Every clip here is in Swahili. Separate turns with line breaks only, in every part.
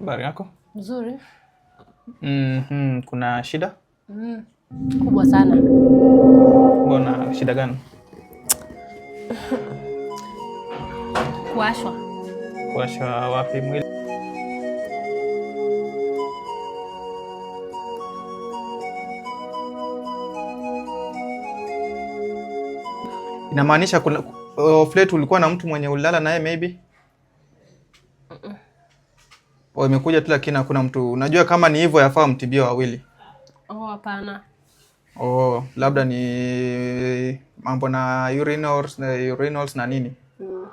Habari yako? Nzuri. mm -hmm. Kuna shida?
mm. Kubwa sana.
Mbona, shida gani? Kuashwa. Kuashwa wapi mwili? Inamaanisha kuna uh, flat ulikuwa na mtu mwenye ulala naye maybe? Mm -mm imekuja tu lakini hakuna mtu. Unajua kama ni hivyo yafaa mtibia wawili.
Oh, hapana.
Oh, labda ni mambo na urinals na urinals na nini? Mm.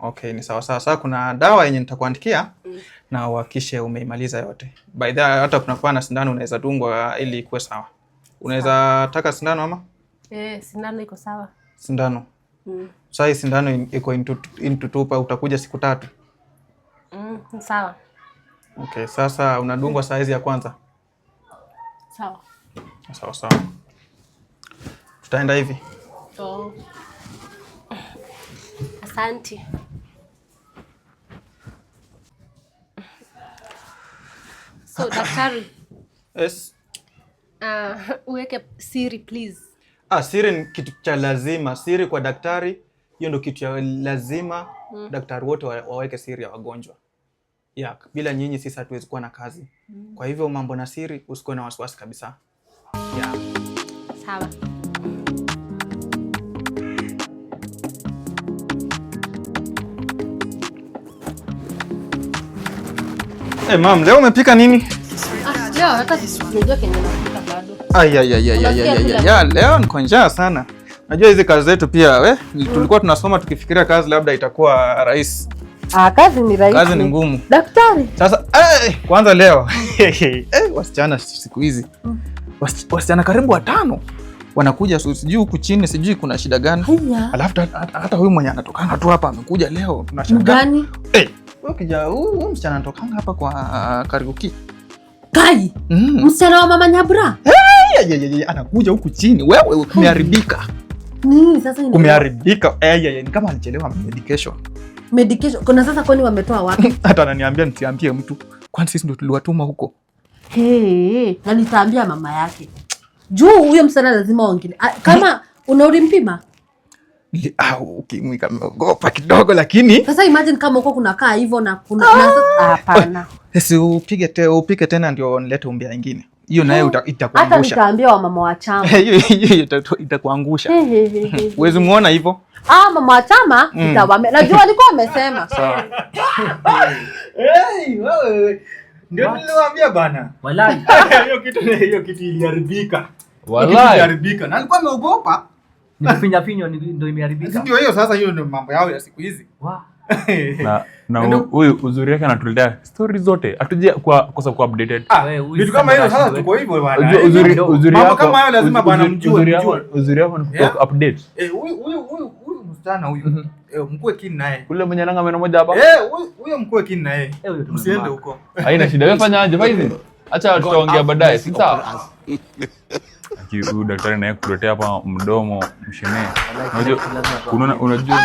Okay, ni sawa sawa. Sasa kuna dawa yenye nitakuandikia mm. na uhakishe umeimaliza yote. By the way, hata kuna kwa na sindano unaweza dungwa ili ikuwe sawa. Unaweza taka sindano ama?
Eh, sindano iko sawa.
Sindano. Mm. Sasa sindano iko into, into tupa utakuja siku tatu.
Mm, sawa.
Okay, sasa unadungwa saizi ya kwanza. Sawa. Sawa sawa. Tutaenda hivi.
Oh. Asante. So, daktari. Yes. Uh, uweke siri please.
Ah, siri ni kitu cha lazima. Siri kwa daktari hiyo ndio kitu cha lazima. Mm. Daktari wote waweke siri ya wagonjwa ya bila nyinyi sisi hatuwezi kuwa na kazi. Mm. Kwa hivyo mambo na siri, usikuwe na wasiwasi kabisa. yeah. Sawa. Hey, mam, leo umepika nini? Leo niko njaa sana. Najua hizi kazi zetu pia we, tulikuwa tunasoma tukifikiria kazi labda itakuwa rahisi
Ah, kazi ni rahisi.
Kazi ni ngumu. Daktari. Sasa eh, kwanza leo eh, wasichana siku hizi mm. wasichana karibu watano wanakuja sijui huku chini sijui kuna shida gani. Alafu hata huyu mwenye anatokanga tu hapa amekuja leo
tuna shida gani?
Eh, huyu msichana anatokanga hapa kwa ah, Kariuki.
Kai. Mm. Msichana wa mama Nyabra.
Hey, ye, ye, ye, anakuja huku chini wewe umeharibika. Nini sasa inaharibika? Umeharibika. Eh, ye, ye, ni kama alichelewa medication.
Kuna sasa kwani wametoa wapi?
Hata ananiambia nisiambie mtu, kwani sisi ndo tuliwatuma huko?
Hey, na nitaambia mama yake juu huyo msana lazima wengine ah, kama unauri mpima
ukimwi kameogopa kidogo, lakini
sasa imagine kama huko kunakaa hivyo na kuna ah! hapana.
Eh, si upige te tena ndio nilete umbea ingine hiyo nayo itakuangusha.
Hata nitaambia wa chama
hiyo itakuangusha. Uwezi muona hivyo
Ah, mama wa chama mm. Kitawame. Najua alikuwa amesema.
Sawa. Hey, wewe. Ndio niliwaambia bana. walai Hiyo kitu hiyo kitu iliharibika. walai Iliharibika. Na alikuwa ameogopa.
Ni kufinya finyo ndio imeharibika.
Ndio hiyo sasa hiyo ndio mambo yao ya siku hizi.
Wow.
na na huyu uzuri yake anatuletea stories zote, hatuja kwa kwa sababu kwa updated ah, vitu kama hiyo. Sasa tuko hivyo bwana, uzuri uzuri yako mambo kama hayo, lazima bwana mjue. Uzuri yako ni update. Eh, huyu huyu huyu mtakutana huyu mhm. eh, mkue kini naye ule mwenye nanga meno moja hapa eh, huyo eh, kini naye eh, msiende huko, haina shida. Wewe fanya aje Faizi, acha tutaongea baadaye, si sawa? Daktari naye kuletea hapa mdomo unajua unajua